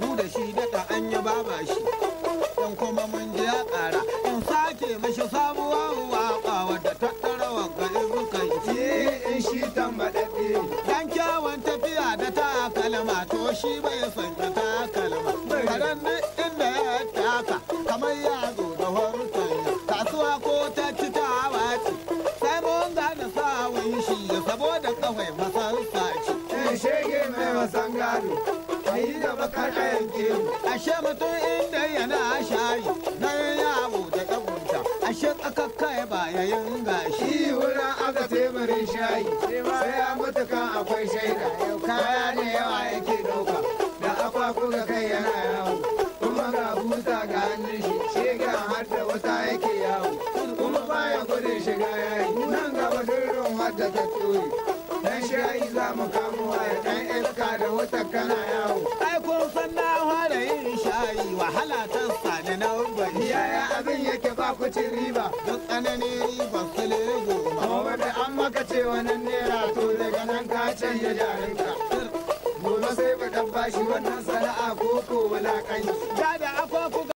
mu da shi daga an yi baba shi yan kuma mun ji ƙara in sake mashi sabuwa waƙa wadda tattara wanka in rukan in shi eh, tambaɗaɗe dan kyawun tafiya da ta kalma to shi bai son ya ta kalma karen inda ya taka kamar ya zo da horutan kasuwa ko ta ci ta wace sai mun gane sawun shi saboda kawai masarsa ce eh, shege mai wasan gado da baka kada yanke ashe mutum inda yana shayi na ya bude kabuta ashe kai ba yayin gashi wurin aka teburin shayi sai ya mutu kan akwai shaida yau kaya ne yawa yake dauka da akwaku ga kai yana yawo kuma ga buta ga hannun shi shega har da wata yake yawo kuma baya gudun shiga yayi nan gaba dirin wadda ta tsoye dan shayi za mu kamo waya mota kana yawo ai kun san na fara yin shayi wahala ta sani na bari yaya abin yake ba ku ci riba duk tsanani riba sule goma wanda an maka ce wannan naira to daga nan ka canja jarinka gobe sai ba dan bashi wannan sana'a ko ko wala kai da da